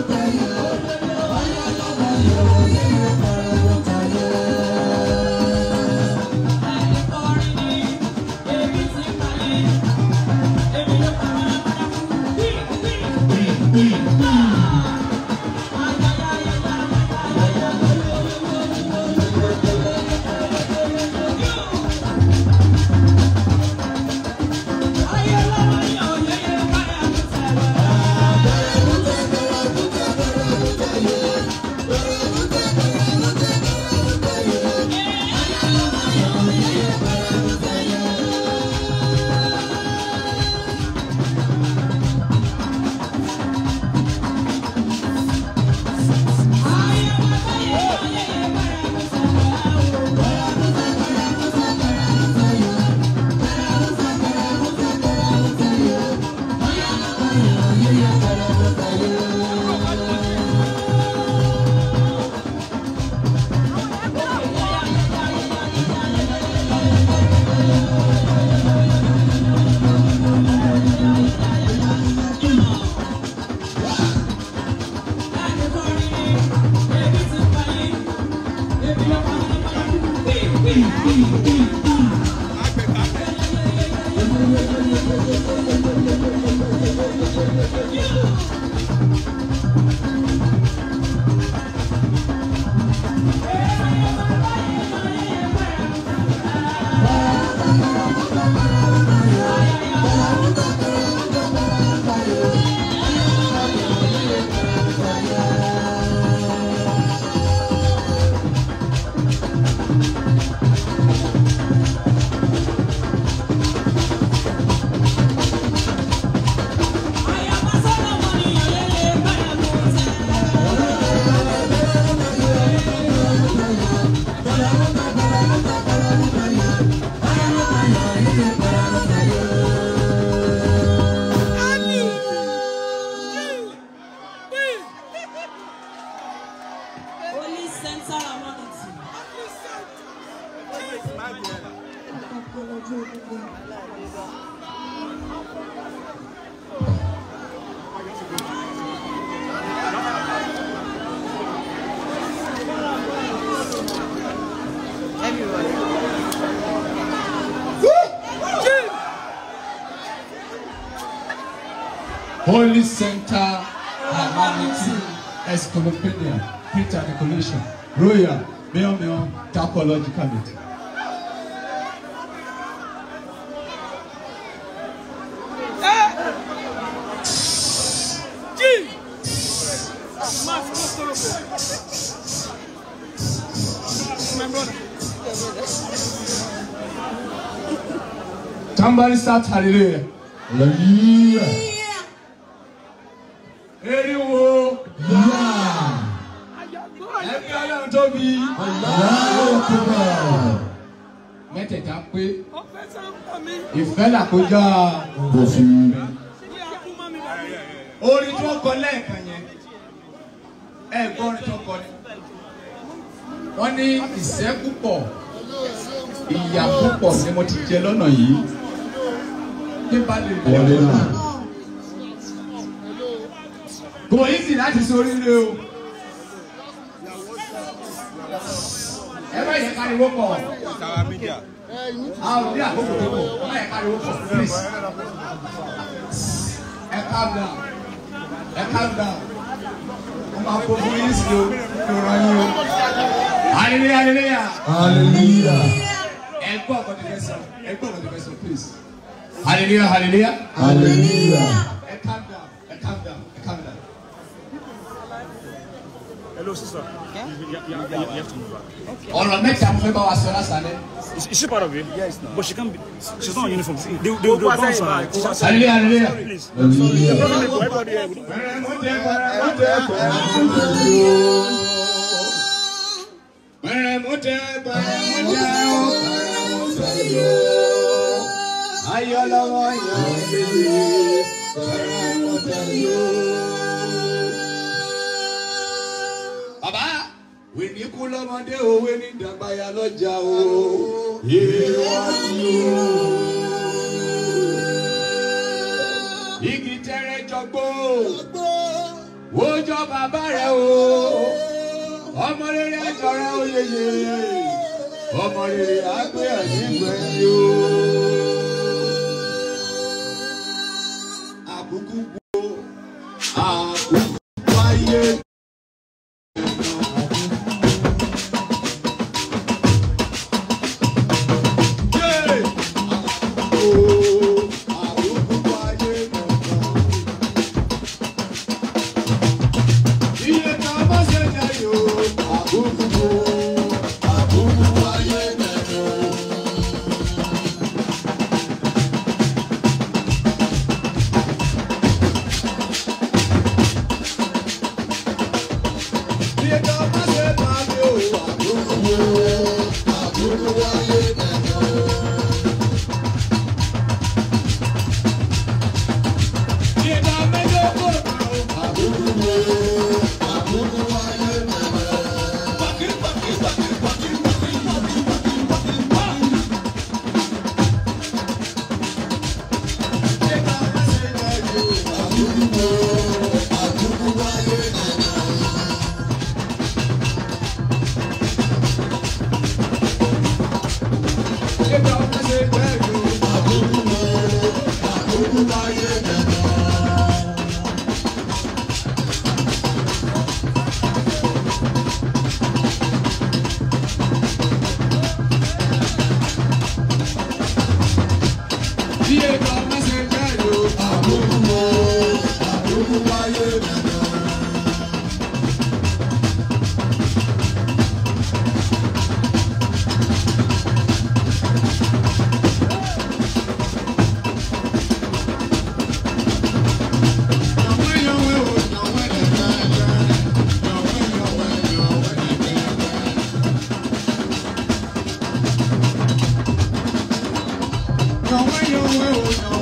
Thank you. Thank Holy Center Harmony Encyclopedia, Peter the Collision. royal Meon Meon Tachological Meeting. Somebody start hallelujah. Hallelujah. pé ìfẹ́ làkójá òfin. orin tí wọ́n kọ lẹ́ẹ̀kan yẹn ẹ gbọ́ orin tí wọ́n kọ ni wọ́n ní ìṣẹ́ púpọ̀ ìyà púpọ̀ ni mo ti jẹ lọ́nà yìí kí n bá lè lè wọ́n. kò yí sì láti sórí rẹ o. ẹ bá yẹ káriwo pọ̀ àwọn ní àkókò tó bọ̀ ọmọ ẹ̀ka yòó pọ̀ please ẹ calm down ẹ calm down ọmọ àkókò yìí sì ló ló ra yín o hallelujah hallelujah hallelujah ẹ gbọ́ ọkọ̀ tó fẹ́ sọ ẹ gbọ́ ọkọ̀ tó fẹ́ sọ please hallelujah hallelujah hallelujah ẹ calm down ẹ calm down ẹ calm down. Hello, sister. Okay. You, you, you, you, you have to move back. Okay. Ọ̀rọ̀ mẹ́ta mo fẹ́ bá wa sọ lásàlẹ̀. Is, is she part of you? Yes, no. But she can't be. She's not in uniform. They they they will bounce her. Hallelujah, hallelujah. Please. Everybody here. kú lọ́mọdé òwe ní ìdàgbàyà lọ́jà o. Èèwọ̀ ni o. Igi tẹ́rẹ́ jọgbó. Wo bàbá rẹ̀ o. Ọmọ rere àjọra oyeye. Ọmọ rere àgbẹ̀ àti ìgbẹ́ o. àbúrò àbúrò wáyé. no, no, no, no.